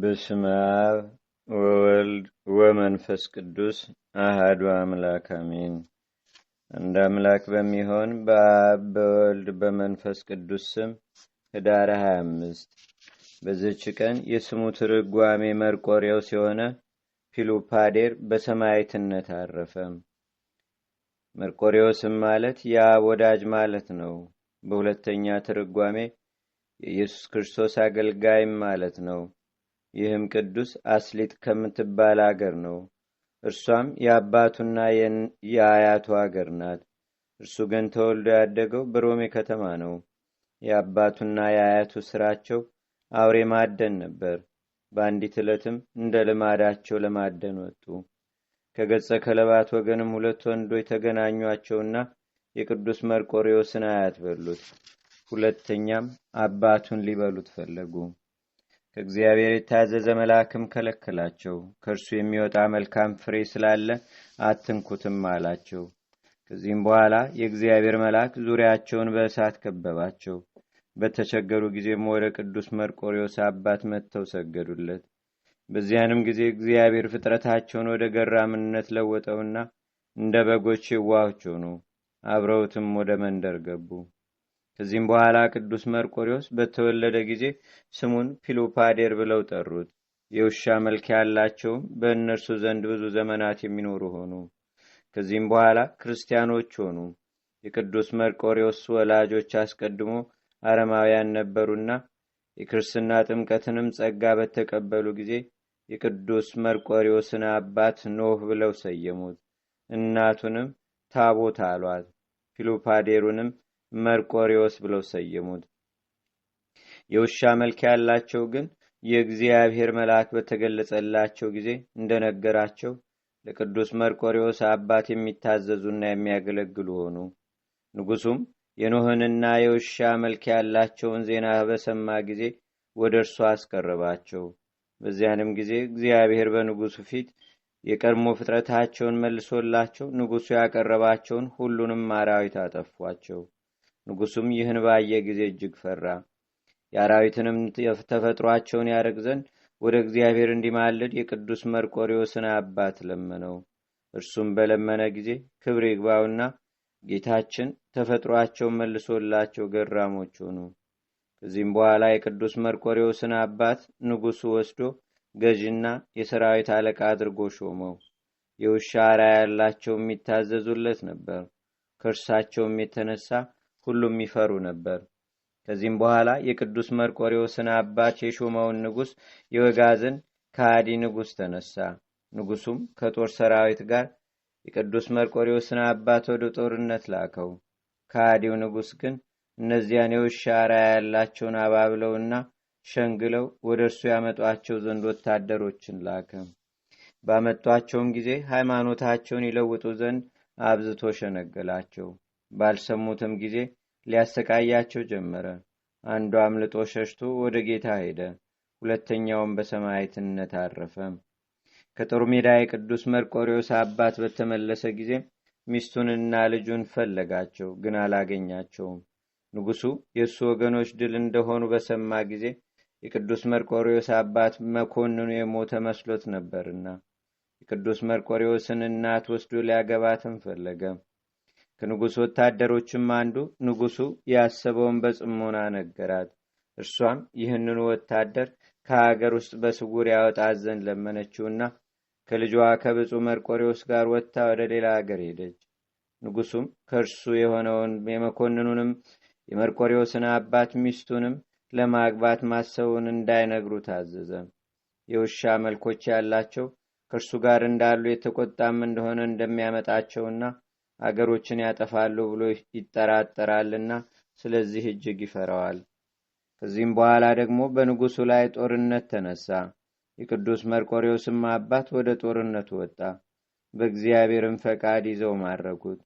በስመ አብ ወወልድ ወመንፈስ ቅዱስ አህዱ አምላክ አሜን። እንደ አምላክ በሚሆን በአብ በወልድ በመንፈስ ቅዱስ ስም ህዳር 25 በዚች ቀን የስሙ ትርጓሜ መርቆሬዎስ የሆነ ፊሉፓዴር በሰማዕትነት አረፈ። መርቆሬዎስም ማለት የአብ ወዳጅ ማለት ነው። በሁለተኛ ትርጓሜ የኢየሱስ ክርስቶስ አገልጋይም ማለት ነው። ይህም ቅዱስ አስሊጥ ከምትባል አገር ነው። እርሷም የአባቱና የአያቱ አገር ናት። እርሱ ግን ተወልዶ ያደገው በሮሜ ከተማ ነው። የአባቱና የአያቱ ስራቸው አውሬ ማደን ነበር። በአንዲት ዕለትም እንደ ልማዳቸው ለማደን ወጡ። ከገጸ ከለባት ወገንም ሁለት ወንዶች የተገናኟቸውና የቅዱስ መርቆሪዎስን አያት በሉት። ሁለተኛም አባቱን ሊበሉት ፈለጉ። ከእግዚአብሔር የታዘዘ መልአክም ከለከላቸው። ከእርሱ የሚወጣ መልካም ፍሬ ስላለ አትንኩትም አላቸው። ከዚህም በኋላ የእግዚአብሔር መልአክ ዙሪያቸውን በእሳት ከበባቸው። በተቸገሩ ጊዜም ወደ ቅዱስ መርቆሪዎስ አባት መጥተው ሰገዱለት። በዚያንም ጊዜ እግዚአብሔር ፍጥረታቸውን ወደ ገራምነት ለወጠውና እንደ በጎች ይዋቸው ነው አብረውትም ወደ መንደር ገቡ። ከዚህም በኋላ ቅዱስ መርቆሪዎስ በተወለደ ጊዜ ስሙን ፒሎፓዴር ብለው ጠሩት። የውሻ መልክ ያላቸውም በእነርሱ ዘንድ ብዙ ዘመናት የሚኖሩ ሆኑ። ከዚህም በኋላ ክርስቲያኖች ሆኑ። የቅዱስ መርቆሪዎስ ወላጆች አስቀድሞ አረማውያን ነበሩና የክርስትና ጥምቀትንም ጸጋ በተቀበሉ ጊዜ የቅዱስ መርቆሪዎስን አባት ኖህ ብለው ሰየሙት። እናቱንም ታቦት አሏት። ፊሎፓዴሩንም መርቆሪዎስ ብለው ሰየሙት። የውሻ መልክ ያላቸው ግን የእግዚአብሔር መልአክ በተገለጸላቸው ጊዜ እንደነገራቸው ለቅዱስ መርቆሪዎስ አባት የሚታዘዙና የሚያገለግሉ ሆኑ። ንጉሱም የኖህንና የውሻ መልክ ያላቸውን ዜና በሰማ ጊዜ ወደ እርሱ አስቀረባቸው። በዚያንም ጊዜ እግዚአብሔር በንጉሱ ፊት የቀድሞ ፍጥረታቸውን መልሶላቸው ንጉሱ ያቀረባቸውን ሁሉንም አራዊት አጠፏቸው። ንጉሱም ይህን ባየ ጊዜ እጅግ ፈራ። የአራዊትንም ተፈጥሯቸውን ያደርግ ዘንድ ወደ እግዚአብሔር እንዲማልድ የቅዱስ መርቆሪዎስን አባት ለመነው። እርሱም በለመነ ጊዜ ክብር ይግባውና ጌታችን ተፈጥሯቸውን መልሶላቸው ገራሞች ሆኑ። ከዚህም በኋላ የቅዱስ መርቆሪዎስን አባት ንጉሱ ወስዶ ገዥና የሰራዊት አለቃ አድርጎ ሾመው። የውሻ አራ ያላቸው የሚታዘዙለት ነበር። ከእርሳቸውም የተነሳ ሁሉም ይፈሩ ነበር። ከዚህም በኋላ የቅዱስ ስነ አባት የሾመውን ንጉሥ የወጋዝን ከሃዲ ንጉሥ ተነሳ። ንጉሱም ከጦር ሰራዊት ጋር የቅዱስ ስነ አባት ወደ ጦርነት ላከው። ከሃዲው ንጉሥ ግን እነዚያን የውሻ ያላቸውን አባብለውና ሸንግለው ወደ እርሱ ያመጧቸው ዘንድ ወታደሮችን ላከ። ባመጧቸውም ጊዜ ሃይማኖታቸውን ይለውጡ ዘንድ አብዝቶ ሸነገላቸው። ባልሰሙትም ጊዜ ሊያሰቃያቸው ጀመረ። አንዱ አምልጦ ሸሽቶ ወደ ጌታ ሄደ። ሁለተኛውም በሰማዕትነት አረፈ። ከጦር ሜዳ የቅዱስ መርቆሪዎስ አባት በተመለሰ ጊዜ ሚስቱንና ልጁን ፈለጋቸው፣ ግን አላገኛቸውም። ንጉሡ የእሱ ወገኖች ድል እንደሆኑ በሰማ ጊዜ የቅዱስ መርቆሪዎስ አባት መኮንኑ የሞተ መስሎት ነበርና የቅዱስ መርቆሪዎስን እናት ወስዶ ሊያገባትም ፈለገ። ከንጉሥ ወታደሮችም አንዱ ንጉሡ ያሰበውን በጽሞና ነገራት። እርሷም ይህንኑ ወታደር ከሀገር ውስጥ በስውር ያወጣ ዘንድ ለመነችውና ከልጇ ከብፁ መርቆሬዎስ ጋር ወጥታ ወደ ሌላ ሀገር ሄደች። ንጉሡም ከእርሱ የሆነውን የመኮንኑንም የመርቆሬዎስን አባት ሚስቱንም ለማግባት ማሰቡን እንዳይነግሩ ታዘዘ። የውሻ መልኮች ያላቸው ከእርሱ ጋር እንዳሉ የተቆጣም እንደሆነ እንደሚያመጣቸውና አገሮችን ያጠፋሉ ብሎ ይጠራጠራልና ስለዚህ እጅግ ይፈራዋል። ከዚህም በኋላ ደግሞ በንጉሱ ላይ ጦርነት ተነሳ። የቅዱስ መርቆሬዎስም አባት ወደ ጦርነቱ ወጣ። በእግዚአብሔርም ፈቃድ ይዘው ማረኩት።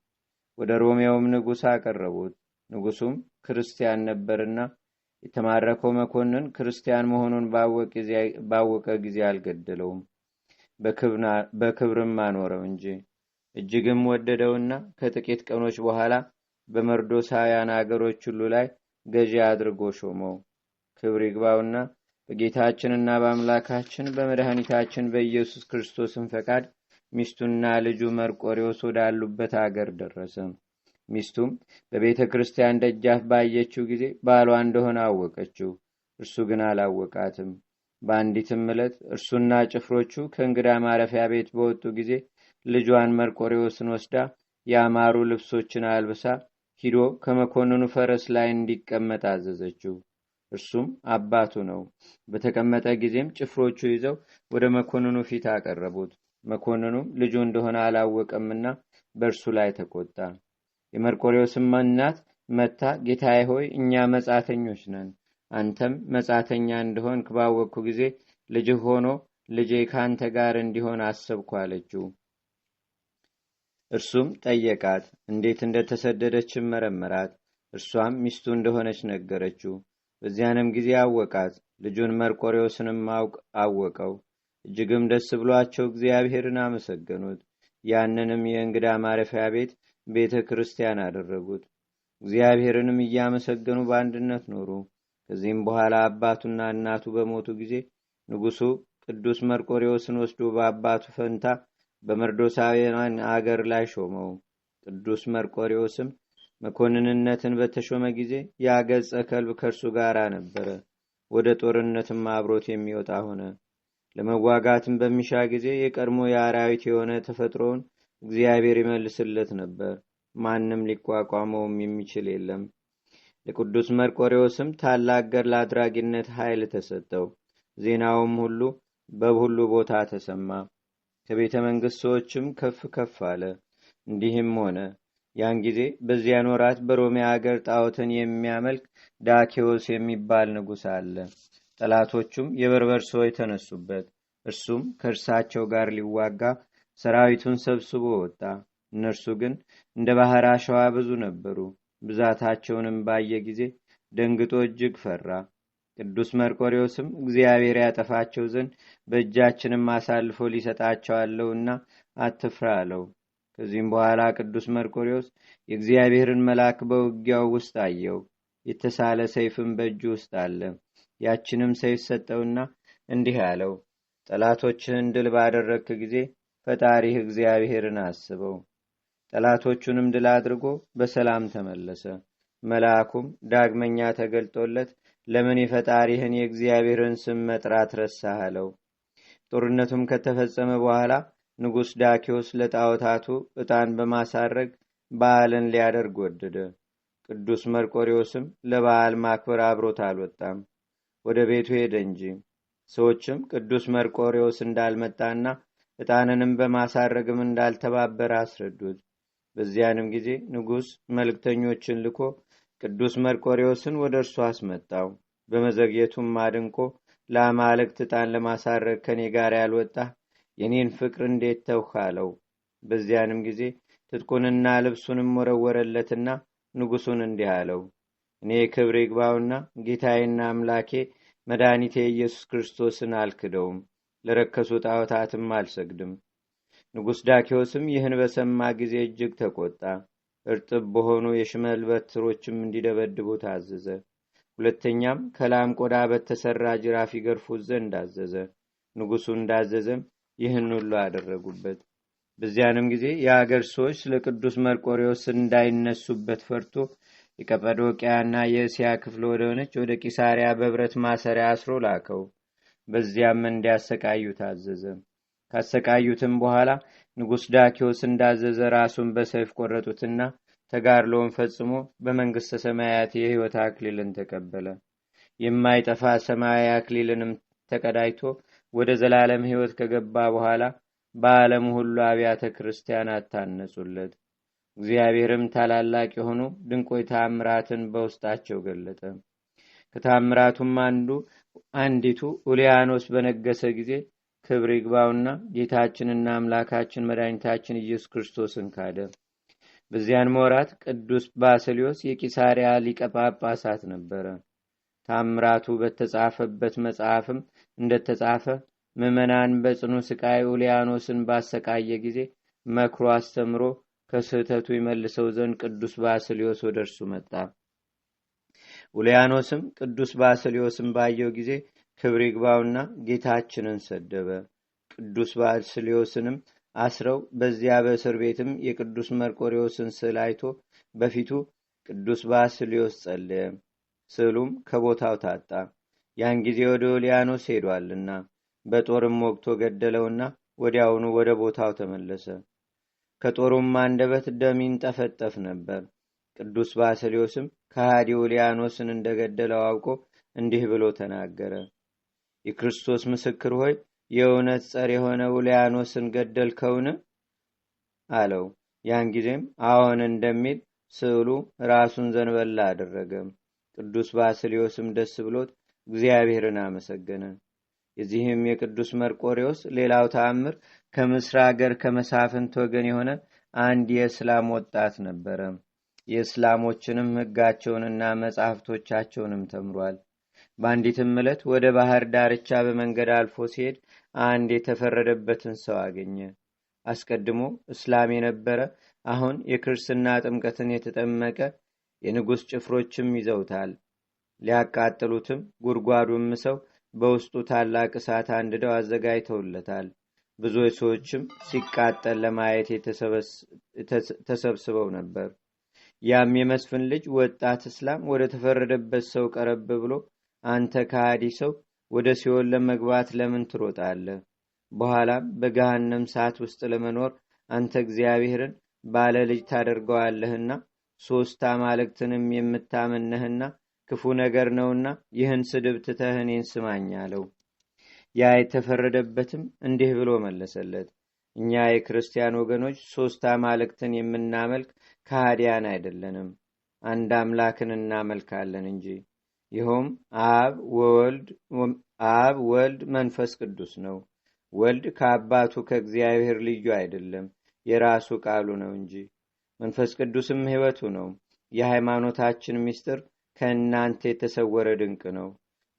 ወደ ሮሜውም ንጉሥ አቀረቡት። ንጉሱም ክርስቲያን ነበርና የተማረከው መኮንን ክርስቲያን መሆኑን ባወቀ ጊዜ አልገደለውም፣ በክብርም አኖረው እንጂ እጅግም ወደደውና ከጥቂት ቀኖች በኋላ በመርዶሳውያን አገሮች ሁሉ ላይ ገዢ አድርጎ ሾመው። ክብር ይግባውና በጌታችንና በአምላካችን በመድኃኒታችን በኢየሱስ ክርስቶስን ፈቃድ ሚስቱና ልጁ መርቆሪዎስ ወዳሉበት አገር ደረሰ። ሚስቱም በቤተ ክርስቲያን ደጃፍ ባየችው ጊዜ ባሏ እንደሆነ አወቀችው። እርሱ ግን አላወቃትም። በአንዲትም ዕለት እርሱና ጭፍሮቹ ከእንግዳ ማረፊያ ቤት በወጡ ጊዜ ልጇን መርቆሬዎስን ወስዳ ያማሩ ልብሶችን አልብሳ ሂዶ ከመኮንኑ ፈረስ ላይ እንዲቀመጥ አዘዘችው። እርሱም አባቱ ነው። በተቀመጠ ጊዜም ጭፍሮቹ ይዘው ወደ መኮንኑ ፊት አቀረቡት። መኮንኑም ልጁ እንደሆነ አላወቀምና በእርሱ ላይ ተቆጣ። የመርቆሬዎስም እናት መታ ጌታዬ ሆይ እኛ መጻተኞች ነን። አንተም መጻተኛ እንደሆን ክባወቅኩ ጊዜ ልጅህ ሆኖ ልጄ ከአንተ ጋር እንዲሆን አሰብኩ አለችው። እርሱም ጠየቃት፣ እንዴት እንደተሰደደች መረመራት። እርሷም ሚስቱ እንደሆነች ነገረችው። በዚያንም ጊዜ አወቃት፣ ልጁን መርቆሬዎስንም አወቀው። እጅግም ደስ ብሏቸው እግዚአብሔርን አመሰገኑት። ያንንም የእንግዳ ማረፊያ ቤት ቤተ ክርስቲያን አደረጉት። እግዚአብሔርንም እያመሰገኑ በአንድነት ኖሩ። ከዚህም በኋላ አባቱና እናቱ በሞቱ ጊዜ ንጉሡ ቅዱስ መርቆሬዎስን ወስዶ በአባቱ ፈንታ በመርዶሳውያን አገር ላይ ሾመው። ቅዱስ መርቆሪዎስም መኮንንነትን በተሾመ ጊዜ ያገጸ ከልብ ከእርሱ ጋር ነበረ። ወደ ጦርነትም አብሮት የሚወጣ ሆነ። ለመዋጋትም በሚሻ ጊዜ የቀድሞ የአራዊት የሆነ ተፈጥሮውን እግዚአብሔር ይመልስለት ነበር። ማንም ሊቋቋመውም የሚችል የለም። ለቅዱስ መርቆሪዎስም ታላቅ ገድል አድራጊነት ኃይል ተሰጠው። ዜናውም ሁሉ በሁሉ ቦታ ተሰማ። ከቤተ መንግሥት ሰዎችም ከፍ ከፍ አለ። እንዲህም ሆነ። ያን ጊዜ በዚያን ወራት በሮሜ አገር ጣዖትን የሚያመልክ ዳኬዎስ የሚባል ንጉሥ አለ። ጠላቶቹም የበርበር ሰዎች ተነሱበት። እርሱም ከእርሳቸው ጋር ሊዋጋ ሰራዊቱን ሰብስቦ ወጣ። እነርሱ ግን እንደ ባሕር አሸዋ ብዙ ነበሩ። ብዛታቸውንም ባየ ጊዜ ደንግጦ እጅግ ፈራ። ቅዱስ መርቆሪዎስም እግዚአብሔር ያጠፋቸው ዘንድ በእጃችንም አሳልፎ ሊሰጣቸዋለውና አትፍራ አለው። ከዚህም በኋላ ቅዱስ መርቆሪዎስ የእግዚአብሔርን መልአክ በውጊያው ውስጥ አየው። የተሳለ ሰይፍም በእጁ ውስጥ አለ። ያችንም ሰይፍ ሰጠውና እንዲህ አለው፣ ጠላቶችህን ድል ባደረግክ ጊዜ ፈጣሪህ እግዚአብሔርን አስበው። ጠላቶቹንም ድል አድርጎ በሰላም ተመለሰ። መልአኩም ዳግመኛ ተገልጦለት ለምን የፈጣሪህን የእግዚአብሔርን ስም መጥራት ረሳሃለው ጦርነቱም ከተፈጸመ በኋላ ንጉሥ ዳኪዎስ ለጣዖታቱ ዕጣን በማሳረግ በዓልን ሊያደርግ ወደደ ቅዱስ መርቆሪዎስም ለበዓል ማክበር አብሮት አልወጣም ወደ ቤቱ ሄደ እንጂ ሰዎችም ቅዱስ መርቆሪዎስ እንዳልመጣና ዕጣንንም በማሳረግም እንዳልተባበረ አስረዱት በዚያንም ጊዜ ንጉሥ መልእክተኞችን ልኮ ቅዱስ መርቆሪዎስን ወደ እርሱ አስመጣው። በመዘግየቱም አድንቆ ለአማልክት ዕጣን ለማሳረግ ከኔ ጋር ያልወጣ የኔን ፍቅር እንዴት ተውህ አለው። በዚያንም ጊዜ ትጥቁንና ልብሱንም ወረወረለትና ንጉሱን እንዲህ አለው፣ እኔ ክብር ይግባውና ጌታዬና አምላኬ መድኃኒቴ ኢየሱስ ክርስቶስን አልክደውም፣ ለረከሱ ጣዖታትም አልሰግድም። ንጉሥ ዳኪዎስም ይህን በሰማ ጊዜ እጅግ ተቆጣ። እርጥብ በሆኑ የሽመል በትሮችም እንዲደበድቡ ታዘዘ። ሁለተኛም ከላም ቆዳ በተሰራ ጅራፍ ይገርፉት ዘንድ አዘዘ። ንጉሡ እንዳዘዘም ይህን ሁሉ አደረጉበት። በዚያንም ጊዜ የአገር ሰዎች ስለ ቅዱስ መርቆሪዎስ እንዳይነሱበት ፈርቶ የቀጳዶቅያና የእስያ ክፍል ወደሆነች ወደ ቂሳሪያ በብረት ማሰሪያ አስሮ ላከው። በዚያም እንዲያሰቃዩ ታዘዘ። ካሰቃዩትም በኋላ ንጉሥ ዳኪዎስ እንዳዘዘ ራሱን በሰይፍ ቆረጡትና ተጋድሎውን ፈጽሞ በመንግሥተ ሰማያት የሕይወት አክሊልን ተቀበለ። የማይጠፋ ሰማያዊ አክሊልንም ተቀዳጅቶ ወደ ዘላለም ሕይወት ከገባ በኋላ በዓለም ሁሉ አብያተ ክርስቲያናት ታነጹለት። እግዚአብሔርም ታላላቅ የሆኑ ድንቆይ ታምራትን በውስጣቸው ገለጠ። ከታምራቱም አንዱ አንዲቱ ኡሊያኖስ በነገሰ ጊዜ ክብር ይግባውና ጌታችንና አምላካችን መድኃኒታችን ኢየሱስ ክርስቶስን ካደ። በዚያን ወራት ቅዱስ ባስልዮስ የቂሳሪያ ሊቀ ጳጳሳት ነበረ። ታምራቱ በተጻፈበት መጽሐፍም እንደተጻፈ ምዕመናን በጽኑ ስቃይ ኡሊያኖስን ባሰቃየ ጊዜ መክሮ አስተምሮ ከስህተቱ ይመልሰው ዘንድ ቅዱስ ባስልዮስ ወደ እርሱ መጣ። ኡሊያኖስም ቅዱስ ባስልዮስን ባየው ጊዜ ክብር ይግባውና ጌታችንን ሰደበ። ቅዱስ ባስልዮስንም አስረው በዚያ በእስር ቤትም የቅዱስ መርቆሪዎስን ስዕል አይቶ በፊቱ ቅዱስ ባስልዮስ ጸለየ። ስዕሉም ከቦታው ታጣ። ያን ጊዜ ወደ ኦሊያኖስ ሄዷልና በጦርም ወግቶ ገደለውና ወዲያውኑ ወደ ቦታው ተመለሰ። ከጦሩም አንደበት ደም ይንጠፈጠፍ ነበር። ቅዱስ ባስልዮስም ከሃዲ ዮልያኖስን እንደገደለው አውቆ እንዲህ ብሎ ተናገረ። የክርስቶስ ምስክር ሆይ የእውነት ጸር የሆነ ውልያኖስን ገደልከውን አለው ያን ጊዜም አዎን እንደሚል ስዕሉ ራሱን ዘንበላ አደረገም ቅዱስ ባስሌዎስም ደስ ብሎት እግዚአብሔርን አመሰገነ የዚህም የቅዱስ መርቆሪዎስ ሌላው ተአምር ከምስር አገር ከመሳፍንት ወገን የሆነ አንድ የእስላም ወጣት ነበረ የእስላሞችንም ህጋቸውንና መጻሕፍቶቻቸውንም ተምሯል በአንዲትም ዕለት ወደ ባህር ዳርቻ በመንገድ አልፎ ሲሄድ አንድ የተፈረደበትን ሰው አገኘ። አስቀድሞ እስላም የነበረ አሁን የክርስትና ጥምቀትን የተጠመቀ የንጉሥ ጭፍሮችም ይዘውታል። ሊያቃጥሉትም ጉድጓዱም ሰው በውስጡ ታላቅ እሳት አንድደው አዘጋጅተውለታል። ብዙ ሰዎችም ሲቃጠል ለማየት ተሰብስበው ነበር። ያም የመስፍን ልጅ ወጣት እስላም ወደ ተፈረደበት ሰው ቀረብ ብሎ አንተ ከሃዲ ሰው ወደ ሲኦል ለመግባት ለምን ትሮጣለህ? በኋላም በገሃነም ሰዓት ውስጥ ለመኖር አንተ እግዚአብሔርን ባለ ልጅ ታደርገዋለህና ሶስት አማልክትንም የምታመነህና ክፉ ነገር ነውና ይህን ስድብ ትተህ እኔን ስማኝ አለው። ያ የተፈረደበትም እንዲህ ብሎ መለሰለት። እኛ የክርስቲያን ወገኖች ሶስት አማልክትን የምናመልክ ከሃዲያን አይደለንም፣ አንድ አምላክን እናመልካለን እንጂ ይኸውም አብ ወልድ መንፈስ ቅዱስ ነው። ወልድ ከአባቱ ከእግዚአብሔር ልዩ አይደለም፣ የራሱ ቃሉ ነው እንጂ። መንፈስ ቅዱስም ህይወቱ ነው። የሃይማኖታችን ምስጢር ከእናንተ የተሰወረ ድንቅ ነው።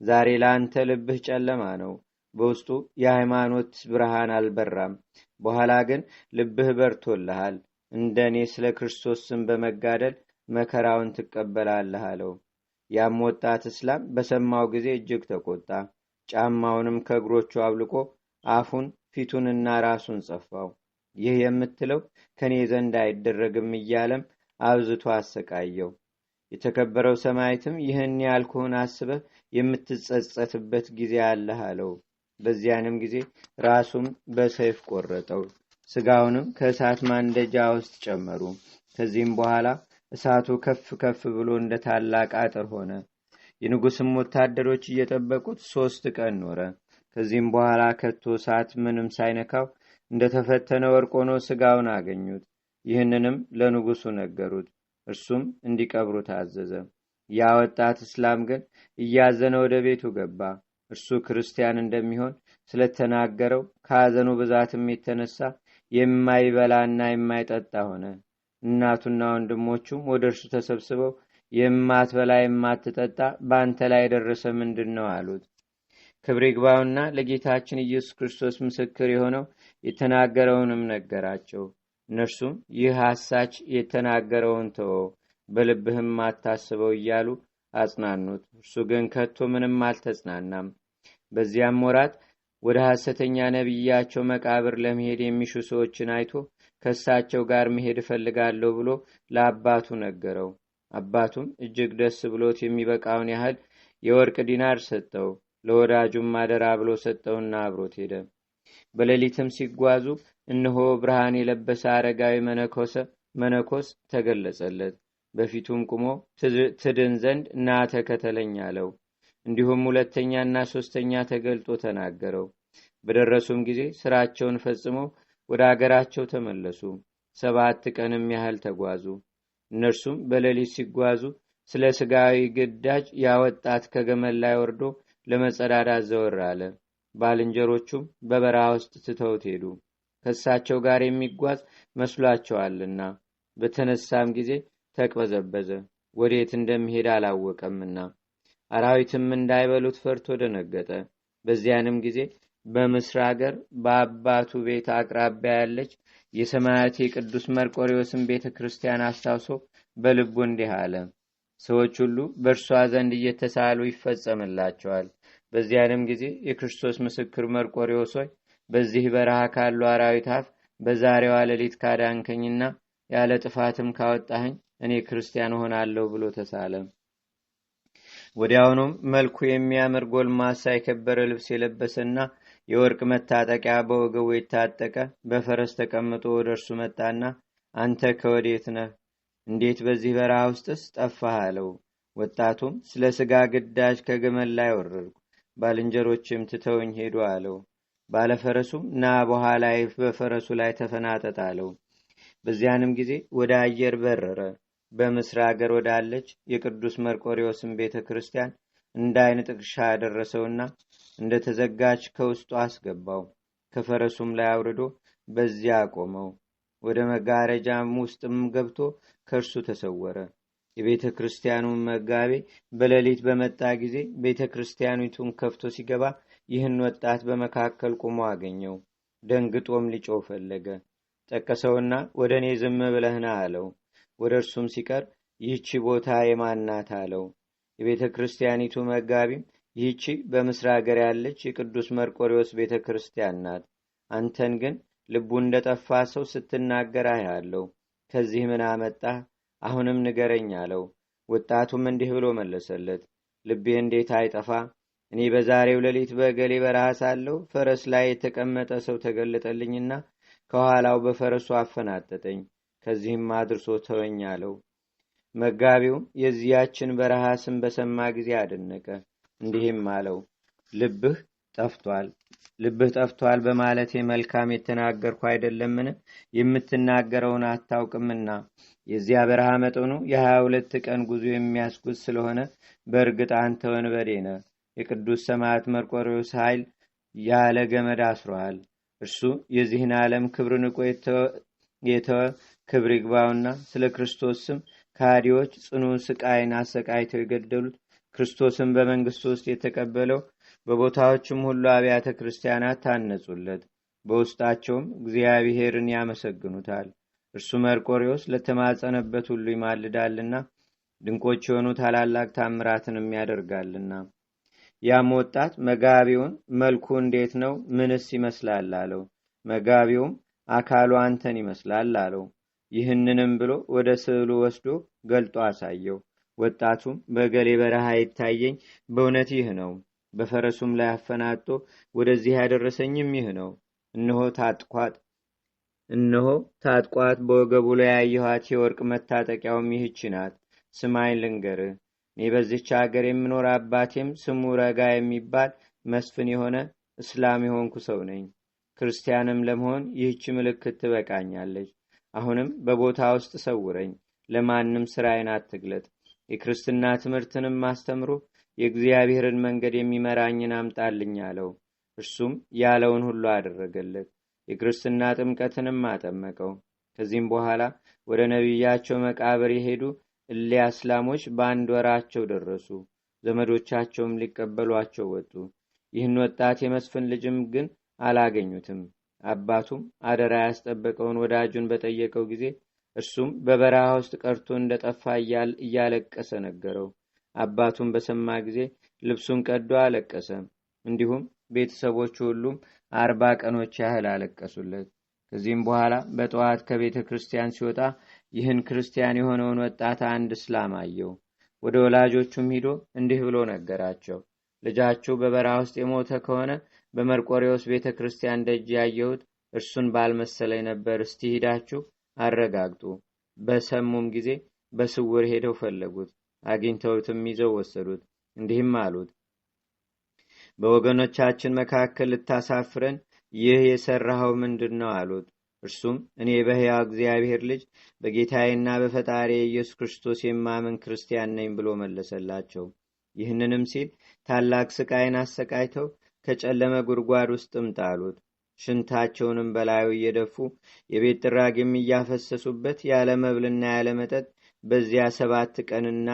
ዛሬ ለአንተ ልብህ ጨለማ ነው። በውስጡ የሃይማኖት ብርሃን አልበራም። በኋላ ግን ልብህ በርቶልሃል። እንደ እኔ ስለ ክርስቶስ ስም በመጋደል መከራውን ትቀበላለህ አለው። ያም ወጣት እስላም በሰማው ጊዜ እጅግ ተቆጣ። ጫማውንም ከእግሮቹ አብልቆ አፉን ፊቱንና ራሱን ጸፋው። ይህ የምትለው ከኔ ዘንድ አይደረግም እያለም አብዝቶ አሰቃየው። የተከበረው ሰማይትም ይህን ያልኩህን አስበህ የምትጸጸትበት ጊዜ አለህ አለው። በዚያንም ጊዜ ራሱም በሰይፍ ቆረጠው። ስጋውንም ከእሳት ማንደጃ ውስጥ ጨመሩ። ከዚህም በኋላ እሳቱ ከፍ ከፍ ብሎ እንደ ታላቅ አጥር ሆነ። የንጉሥም ወታደሮች እየጠበቁት ሦስት ቀን ኖረ። ከዚህም በኋላ ከቶ እሳት ምንም ሳይነካው እንደተፈተነ ወርቅ ሆኖ ሥጋውን አገኙት። ይህንንም ለንጉሡ ነገሩት። እርሱም እንዲቀብሩ ታዘዘ። ያ ወጣት እስላም ግን እያዘነ ወደ ቤቱ ገባ። እርሱ ክርስቲያን እንደሚሆን ስለተናገረው ከአዘኑ ብዛትም የተነሳ የማይበላና የማይጠጣ ሆነ። እናቱና ወንድሞቹም ወደ እርሱ ተሰብስበው የማትበላ የማትጠጣ በአንተ ላይ የደረሰ ምንድን ነው አሉት። ክብሬ ግባውና ለጌታችን ኢየሱስ ክርስቶስ ምስክር የሆነው የተናገረውንም ነገራቸው። እነርሱም ይህ አሳች የተናገረውን ተወ በልብህም አታስበው እያሉ አጽናኑት። እርሱ ግን ከቶ ምንም አልተጽናናም። በዚያም ወራት ወደ ሐሰተኛ ነቢያቸው መቃብር ለመሄድ የሚሹ ሰዎችን አይቶ ከእሳቸው ጋር መሄድ እፈልጋለሁ ብሎ ለአባቱ ነገረው። አባቱም እጅግ ደስ ብሎት የሚበቃውን ያህል የወርቅ ዲናር ሰጠው። ለወዳጁም ማደራ ብሎ ሰጠውና አብሮት ሄደ። በሌሊትም ሲጓዙ እነሆ ብርሃን የለበሰ አረጋዊ መነኮስ ተገለጸለት። በፊቱም ቁሞ ትድን ዘንድ ና ተከተለኝ አለው። እንዲሁም ሁለተኛና ሶስተኛ ተገልጦ ተናገረው። በደረሱም ጊዜ ስራቸውን ፈጽመው ወደ አገራቸው ተመለሱ። ሰባት ቀንም ያህል ተጓዙ። እነርሱም በሌሊት ሲጓዙ ስለ ስጋዊ ግዳጅ ያወጣት ከገመል ላይ ወርዶ ለመጸዳዳት ዘወር አለ። ባልንጀሮቹም በበረሃ ውስጥ ትተውት ሄዱ፣ ከእሳቸው ጋር የሚጓዝ መስሏቸዋልና። በተነሳም ጊዜ ተቅበዘበዘ፣ ወዴት እንደሚሄድ አላወቀምና። አራዊትም እንዳይበሉት ፈርቶ ደነገጠ። በዚያንም ጊዜ በምስር አገር በአባቱ ቤት አቅራቢያ ያለች የሰማያት ቅዱስ መርቆሪዎስን ቤተ ክርስቲያን አስታውሶ በልቡ እንዲህ አለ። ሰዎች ሁሉ በእርሷ ዘንድ እየተሳሉ ይፈጸምላቸዋል። በዚያንም ጊዜ የክርስቶስ ምስክር መርቆሪዎስ ሆይ በዚህ በረሃ ካሉ አራዊት አፍ በዛሬዋ ሌሊት ካዳንከኝና ያለ ጥፋትም ካወጣኸኝ እኔ ክርስቲያን እሆናለሁ ብሎ ተሳለ። ወዲያውኑም መልኩ የሚያምር ጎልማሳ የከበረ ልብስ የለበሰና የወርቅ መታጠቂያ በወገቡ የታጠቀ በፈረስ ተቀምጦ ወደ እርሱ መጣና አንተ ከወዴት ነህ? እንዴት በዚህ በረሃ ውስጥስ ጠፋህ? አለው። ወጣቱም ስለ ስጋ ግዳጅ ከግመል ላይ ወረድኩ፣ ባልንጀሮችም ትተውኝ ሄዱ አለው። ባለፈረሱም ና በኋላ በፈረሱ ላይ ተፈናጠጥ አለው። በዚያንም ጊዜ ወደ አየር በረረ። በምስር አገር ወዳለች የቅዱስ መርቆሪዎስን ቤተ ክርስቲያን እንደ አይን ጥቅሻ ያደረሰውና እንደ ተዘጋች ከውስጡ አስገባው። ከፈረሱም ላይ አውርዶ በዚያ አቆመው። ወደ መጋረጃም ውስጥም ገብቶ ከእርሱ ተሰወረ። የቤተ ክርስቲያኑን መጋቤ በሌሊት በመጣ ጊዜ ቤተ ክርስቲያኒቱን ከፍቶ ሲገባ ይህን ወጣት በመካከል ቆሞ አገኘው። ደንግጦም ሊጮ ፈለገ። ጠቀሰውና ወደ እኔ ዝም ብለህና አለው። ወደ እርሱም ሲቀርብ ይህቺ ቦታ የማን ናት አለው። የቤተ ክርስቲያኒቱ መጋቢም ይህቺ በምስር አገር ያለች የቅዱስ መርቆሪዎስ ቤተ ክርስቲያን ናት። አንተን ግን ልቡ እንደ ጠፋ ሰው ስትናገር አያለሁ። ከዚህ ምን አመጣህ? አሁንም ንገረኝ አለው። ወጣቱም እንዲህ ብሎ መለሰለት፣ ልቤ እንዴት አይጠፋ? እኔ በዛሬው ሌሊት በገሌ በረሃ ሳለሁ ፈረስ ላይ የተቀመጠ ሰው ተገለጠልኝና ከኋላው በፈረሱ አፈናጠጠኝ። ከዚህም አድርሶ ተወኝ አለው። መጋቢው የዚያችን በረሃ ስም በሰማ ጊዜ አደነቀ። እንዲህም አለው ልብህ ጠፍቷል ልብህ ጠፍቷል በማለቴ መልካም የተናገርኩ አይደለምን የምትናገረውን አታውቅምና የዚያ በረሃ መጠኑ የሀያ ሁለት ቀን ጉዞ የሚያስጉዝ ስለሆነ በእርግጥ አንተ ወንበዴ ነ የቅዱስ ሰማዕት መርቆሪዎስ ኃይል ያለ ገመድ አስሯል እርሱ የዚህን ዓለም ክብር ንቆ የተወ ክብር ይግባውና ስለ ክርስቶስ ስም ካዲዎች ጽኑ ስቃይን አሰቃይተው የገደሉት ክርስቶስን በመንግስት ውስጥ የተቀበለው በቦታዎችም ሁሉ አብያተ ክርስቲያናት ታነጹለት፣ በውስጣቸውም እግዚአብሔርን ያመሰግኑታል። እርሱ መርቆሪዎስ ለተማጸነበት ሁሉ ይማልዳልና ድንቆች የሆኑ ታላላቅ ታምራትንም ያደርጋልና። ያም ወጣት መጋቢውን መልኩ እንዴት ነው? ምንስ ይመስላል አለው። መጋቢውም አካሉ አንተን ይመስላል አለው። ይህንንም ብሎ ወደ ስዕሉ ወስዶ ገልጦ አሳየው። ወጣቱም በገሌ በረሃ ይታየኝ፣ በእውነት ይህ ነው። በፈረሱም ላይ አፈናጦ ወደዚህ ያደረሰኝም ይህ ነው። እነሆ ታጥቋት እነሆ ታጥቋት በወገቡ ላይ ያየኋት የወርቅ መታጠቂያውም ይህች ናት። ስማይን ልንገር እኔ በዚች አገር የምኖር አባቴም ስሙ ረጋ የሚባል መስፍን የሆነ እስላም የሆንኩ ሰው ነኝ። ክርስቲያንም ለመሆን ይህች ምልክት ትበቃኛለች። አሁንም በቦታ ውስጥ ሰውረኝ፣ ለማንም ስራይን አትግለጥ። የክርስትና ትምህርትንም አስተምሮ የእግዚአብሔርን መንገድ የሚመራኝን አምጣልኝ አለው እርሱም ያለውን ሁሉ አደረገለት የክርስትና ጥምቀትንም አጠመቀው ከዚህም በኋላ ወደ ነቢያቸው መቃብር የሄዱ እሊያ እስላሞች በአንድ ወራቸው ደረሱ ዘመዶቻቸውም ሊቀበሏቸው ወጡ ይህን ወጣት የመስፍን ልጅም ግን አላገኙትም አባቱም አደራ ያስጠበቀውን ወዳጁን በጠየቀው ጊዜ እርሱም በበረሃ ውስጥ ቀርቶ ጠፋ እያለቀሰ ነገረው። አባቱን በሰማ ጊዜ ልብሱን ቀዶ አለቀሰ። እንዲሁም ቤተሰቦቹ ሁሉም አርባ ቀኖች ያህል አለቀሱለት። ከዚህም በኋላ በጠዋት ከቤተ ክርስቲያን ሲወጣ ይህን ክርስቲያን የሆነውን ወጣት አንድ እስላም አየው። ወደ ወላጆቹም ሂዶ እንዲህ ብሎ ነገራቸው። ልጃችሁ በበረሃ ውስጥ የሞተ ከሆነ በመርቆሬዎስ ቤተ ክርስቲያን ደጅ ያየሁት እርሱን ባልመሰለኝ ነበር። እስቲ ሂዳችሁ አረጋግጡ። በሰሙም ጊዜ በስውር ሄደው ፈለጉት፣ አግኝተውትም ይዘው ወሰዱት። እንዲህም አሉት፣ በወገኖቻችን መካከል ልታሳፍረን ይህ የሰራኸው ምንድን ነው? አሉት። እርሱም እኔ በሕያው እግዚአብሔር ልጅ በጌታዬና በፈጣሪ ኢየሱስ ክርስቶስ የማምን ክርስቲያን ነኝ ብሎ መለሰላቸው። ይህንንም ሲል ታላቅ ስቃይን አሰቃይተው ከጨለመ ጉድጓድ ውስጥም ጣሉት። ሽንታቸውንም በላዩ እየደፉ የቤት ጥራጊም እያፈሰሱበት ያለ መብልና ያለ መጠጥ በዚያ ሰባት ቀንና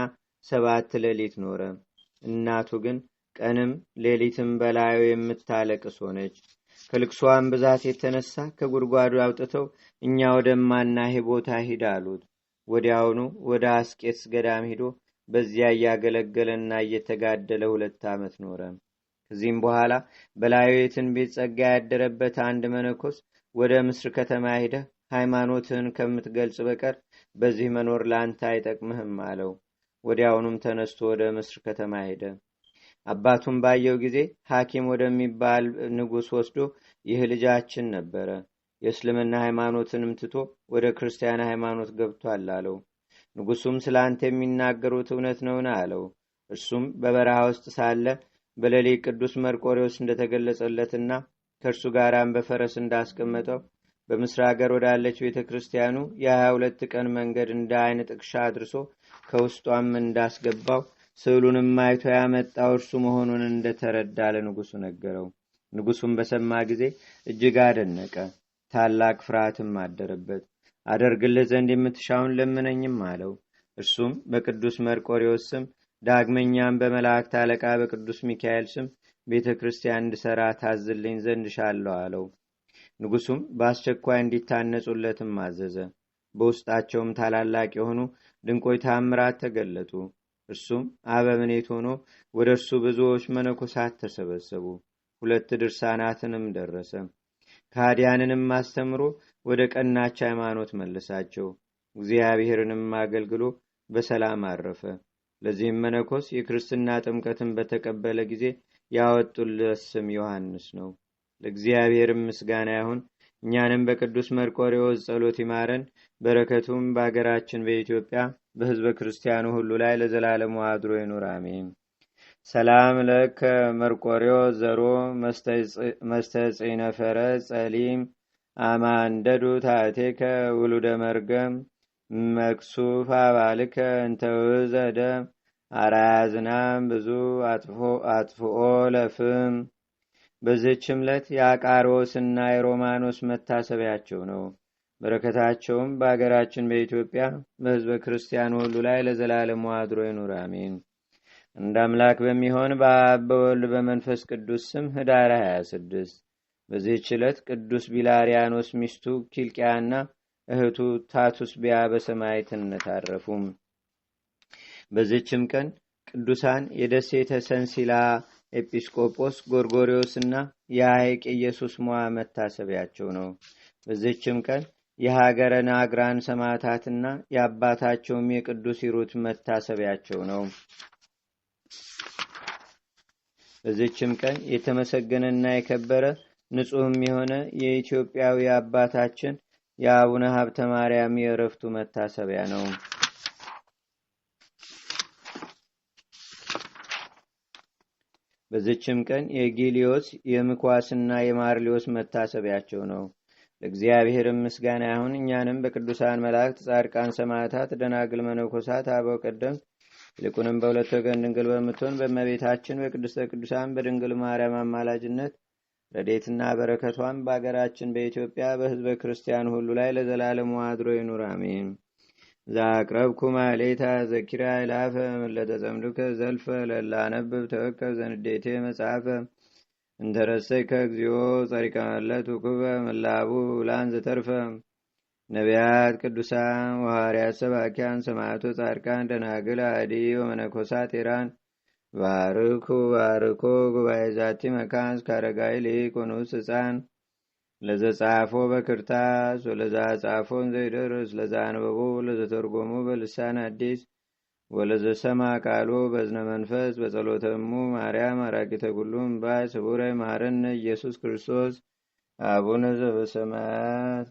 ሰባት ሌሊት ኖረ። እናቱ ግን ቀንም ሌሊትም በላዩ የምታለቅስ ሆነች። ከልቅሷን ብዛት የተነሳ ከጉድጓዱ አውጥተው እኛ ወደማናሄ ቦታ ሂድ አሉት። ወዲያውኑ ወደ አስቄትስ ገዳም ሂዶ በዚያ እያገለገለና እየተጋደለ ሁለት ዓመት ኖረ። ከዚህም በኋላ በላዩ የትንቢት ጸጋ ያደረበት አንድ መነኮስ ወደ ምስር ከተማ ሂደህ ሃይማኖትህን ከምትገልጽ በቀር በዚህ መኖር ለአንተ አይጠቅምህም አለው ወዲያውኑም ተነስቶ ወደ ምስር ከተማ ሄደ አባቱም ባየው ጊዜ ሐኪም ወደሚባል ንጉሥ ወስዶ ይህ ልጃችን ነበረ የእስልምና ሃይማኖትንም ትቶ ወደ ክርስቲያን ሃይማኖት ገብቷል አለው ንጉሱም ስለ አንተ የሚናገሩት እውነት ነውን አለው እርሱም በበረሃ ውስጥ ሳለ በሌሊት ቅዱስ መርቆሪዎስ እንደተገለጸለትና ከእርሱ ጋርም በፈረስ እንዳስቀመጠው በምስራ ሀገር ወዳለች ቤተ ክርስቲያኑ የሀያ ሁለት ቀን መንገድ እንደ አይን ጥቅሻ አድርሶ ከውስጧም እንዳስገባው ስዕሉንም አይቶ ያመጣው እርሱ መሆኑን እንደተረዳ ለንጉሱ ነገረው። ንጉሱም በሰማ ጊዜ እጅግ አደነቀ፣ ታላቅ ፍርሃትም አደረበት። አደርግልህ ዘንድ የምትሻውን ለምነኝም አለው። እርሱም በቅዱስ መርቆሪዎስ ስም ዳግመኛም በመላእክት አለቃ በቅዱስ ሚካኤል ስም ቤተ ክርስቲያን እንድሠራ ታዝልኝ ዘንድ ሻለሁ አለው። ንጉሡም በአስቸኳይ እንዲታነጹለትም አዘዘ። በውስጣቸውም ታላላቅ የሆኑ ድንቆይ ታምራት ተገለጡ። እርሱም አበምኔት ሆኖ ወደ እርሱ ብዙዎች መነኮሳት ተሰበሰቡ። ሁለት ድርሳናትንም ደረሰ። ከሃዲያንንም አስተምሮ ወደ ቀናች ሃይማኖት መለሳቸው። እግዚአብሔርንም አገልግሎ በሰላም አረፈ። ለዚህም መነኮስ የክርስትና ጥምቀትን በተቀበለ ጊዜ ያወጡለት ስም ዮሐንስ ነው። ለእግዚአብሔር ምስጋና ይሁን። እኛንም በቅዱስ መርቆሪዎስ ጸሎት ይማረን። በረከቱም በአገራችን በኢትዮጵያ በህዝበ ክርስቲያኑ ሁሉ ላይ ለዘላለሙ አድሮ ይኑር፣ አሜን። ሰላም ለከ መርቆሪዮ ዘሮ መስተጽነፈረ ጸሊም አማንደዱ ታቴከ ውሉደ መርገም መክሱፍ አባልከ እንተውዘ ደም አራያዝናም ብዙ አጥፍኦ ለፍም በዚህች የአቃሮስ የአቃሮስና የሮማኖስ መታሰቢያቸው ነው። በረከታቸውም በአገራችን በኢትዮጵያ በህዝበ ክርስቲያን ሁሉ ላይ ለዘላለሙ አድሮ ይኑር፣ አሜን። እንደ አምላክ በሚሆን በአብ በወልድ በመንፈስ ቅዱስ ስም ህዳር 26 በዚህች ዕለት ቅዱስ ቢላሪያኖስ ሚስቱ ኪልቅያና እህቱ ታቱስቢያ በሰማይ አረፉ። በዚችም ቀን ቅዱሳን የደሴተ ሰንሲላ ኤጲስቆጶስ ጎርጎሪዎስና የሐይቅ ኢየሱስ ሞዓ መታሰቢያቸው ነው። በዚችም ቀን የሀገረ ናግራን ሰማዕታትና የአባታቸውም የቅዱስ ሂሩት መታሰቢያቸው ነው። በዚችም ቀን የተመሰገነና የከበረ ንጹህም የሆነ የኢትዮጵያዊ አባታችን የአቡነ ሀብተ ማርያም የእረፍቱ መታሰቢያ ነው። በዝችም ቀን የጊሊዮስ የምኳስና የማርሊዮስ መታሰቢያቸው ነው። ለእግዚአብሔርም ምስጋና ይሁን። እኛንም በቅዱሳን መላእክት፣ ጻድቃን፣ ሰማዕታት፣ ደናግል፣ መነኮሳት፣ አበው ቀደም ይልቁንም በሁለት ወገን ድንግል በምትሆን በእመቤታችን በቅድስተ ቅዱሳን በድንግል ማርያም አማላጅነት ረዴትና በረከቷን በአገራችን በኢትዮጵያ በህዝበ ክርስቲያን ሁሉ ላይ ለዘላለሙ አድሮ ይኑር፣ አሜን። ዛቅረብኩ ማሌታ ዘኪራ ይላፈ ለተጸምዱከ ዘልፈ ለላነብብ ተወከብ ዘንዴቴ መጽሐፈ እንተረሰይ ከእግዚኦ ጸሪቀመለት ውኩበ መላቡ ውላን ዘተርፈ ነቢያት፣ ቅዱሳን፣ ወሃርያት ሰባኪያን፣ ሰማቶ ጻድቃን፣ ደናግል፣ አዲ ወመነኮሳት ኢራን ባርኩ ባርኮ ጉባኤ ዛቲ መካስ ካረጋይ ሊቁኑስ ህፃን ለዘጻፎ በክርታስ ወለዛ ዘይደርስ ለዛ አንበቦ ለዘተርጎሙ በልሳን አዲስ ወለዘሰማ ቃሎ በዝነ መንፈስ በጸሎተሙ ማርያም አራቂተ ኩሉም ባይ ስቡረ ማረነ ኢየሱስ ክርስቶስ አቡነ ዘበሰማያት